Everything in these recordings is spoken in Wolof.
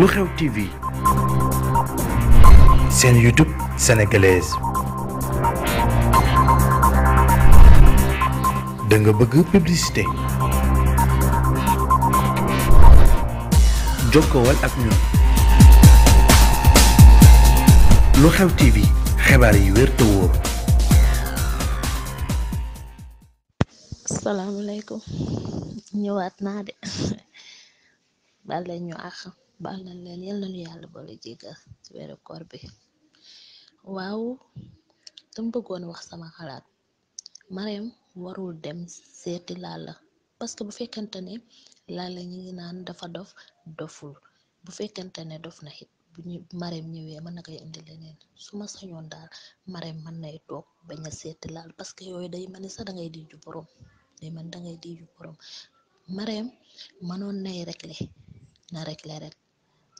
lu xew TV seen YouTube sénégalaise da nga bëgg publicité jokkowal ak ñun lu xew TV xibaar yi wér te wóor. salaamaaleykum naa de bale ñu àq. baal nañ leen yal nañu yàlla boole jéggal ci weeru koor bi waaw dama bëggoon wax sama xalaat Marème warul dem seeti Lalla parce que bu fekkente ne Lalla ñi ngi naan dafa dof doful bu fekkente ne dof na it bu ñu Marème ñëwee mën na koy indi leneen su ma sañoon daal Marème mën nay toog bañ a seeti Lalla parce que yooyu day mel ni sax dangay diiju borom day mel dangay diiju borom Marème mënoon nay régler na régler rek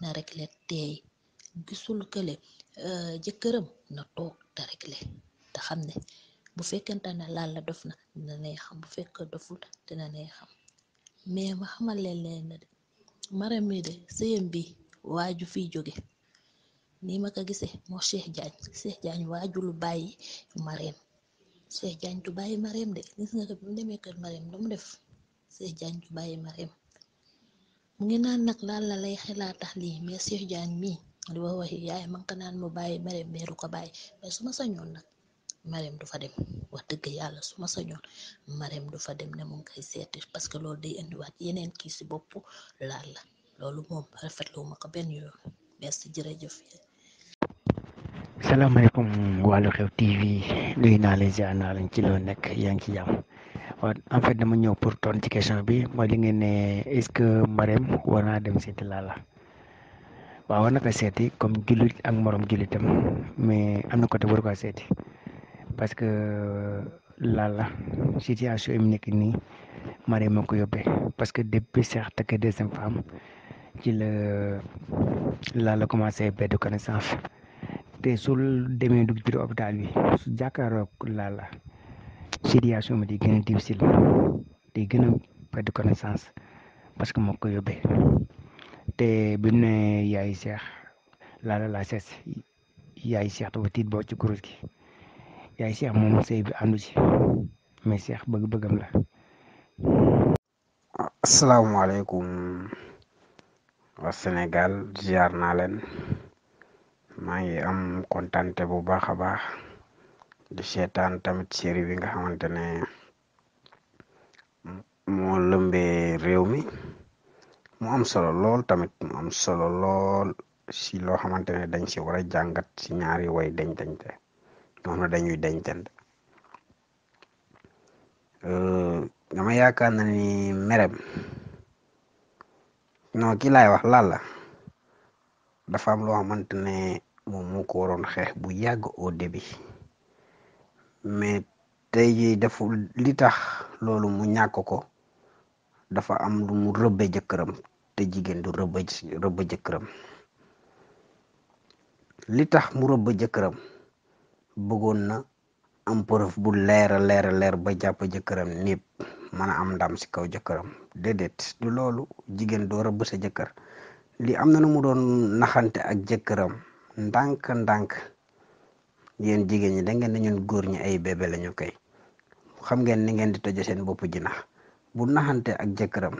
na réglé teey gisul kële euh, jëkkëram na toog te réglé te xam ne bu fekkente ne laal la dof na dina nay xam bu fekk doful dina nay xam mais ma xamal leen leen ne de maram mi de sëyam bi waaju fi jóge nii ma ko gisee moo Cheikh Diagne Cheikh Diagne waaju lu bàyyi mareem Cheikh Diagne du bàyyi mareem de gis nga ko bi mu demee kër mareem lu def Cheikh Diagne du bàyyi mareem mu ngi naan nag laal la lay xelaa tax lii mais Cheikh Diagne mii li wax waxi yaay man ka naan mu bàyyi Marème mais du ko bàyyi su ma sañoon nag Marème du fa dem wax dëgg yàlla su ma sañoon Marème du fa dem ne mu ngi koy parce que loolu de indiwaat yeneen kii si bopp laal la loolu moom rafetlu ma ko benn yoon merci jërëjëf. salaamaaleykum wàllu xew TV luy naa leen ziar naa leen ci loo nekk yaa ngi ci jàmm. waaw en fait dama ñëw pour ton ci question bi mooy li ngeen ne est-ce que Marème war naa dem seeti Lalla waaw war na ko seeti comme jullit ak morom jullitam mais am na côté waru ko seeti parce que Lalla situation yi mu nekk nii Marème moo ko yóbbee parce que depuis Cheikh takk deuxième femme ci la Lalla commencé perdre connaissance te su demee dugg ci hôpital bi su jàkkaaroo Lalla. situation bi di gën a di gën a perte connaissance parce que moo ko yóbbee te bi mu ne yaay seex laa sees yaay seex dafa tiit boo ci kurus gi yaay seex moom sëy bi àndu ci mais seex bëgg-bëggam la asalaamaaleykum wa Sénégal ziar naa leen maa ngi am kontante bu baax a baax di seetaan tamit série bi nga xamante ne moo lëmbee réew mi mu am solo lool tamit mu am solo lool si loo xamante ne dañ si war a jàngat si ñaari way dencante ñoo xam ne dañuy dencante dama yaakaar na ni merem non kii laay wax laal la dafa am loo xamante ne moom moo ko xeex bu yàgg au début mais tey jii dafa li tax loolu mu ñàkk ko dafa am lu mu rëbbe jëkkëram te jigéen du rëbbe rëbbe jëkkëram li tax mu rëbbe jëkkëram bëggoon na am preuve bu leera leera leer ba jàpp jëkkëram népp mën a am ndam si kaw jëkkëram déedéet du loolu jigéen doo rëbb sa jëkkër li am na nu mu doon naxante ak jëkkëram ndànk ndànk yéen jigéen ñi da ngeen ne ñun góor ñi ay bébé la ñu koy xam ngeen ni ngeen di toje seen bopp jinax bu naxante ak jëkkëram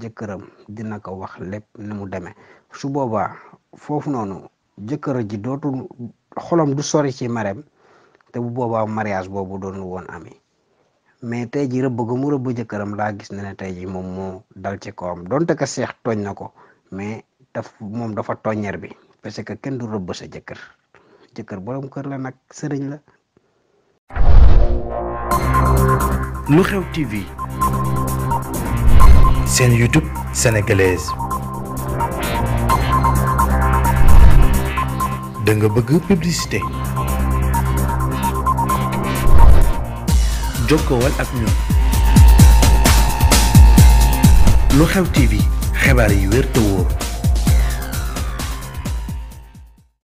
jëkkëram dina ko wax lépp ni mu demee su boobaa foofu noonu jëkkër ji dootul xolom du sori ci mareem te bu boobaa mariage boobu doon woon ami mais tey ji rëbb gu mu rëbb jëkkëram laa gis ne ne tey ji moom moo dal ci kawam donte ka seex tooñ na ko mais daf moom dafa toñeer bi parce que kenn du rëbb sa jëkkër jëkkër borom kër la nag sëriñ la. lu xew TV seen YouTube sénégalaise da nga bëgg publicité jokkowal ak ñun lu xew TV xibaar yi wér wóor.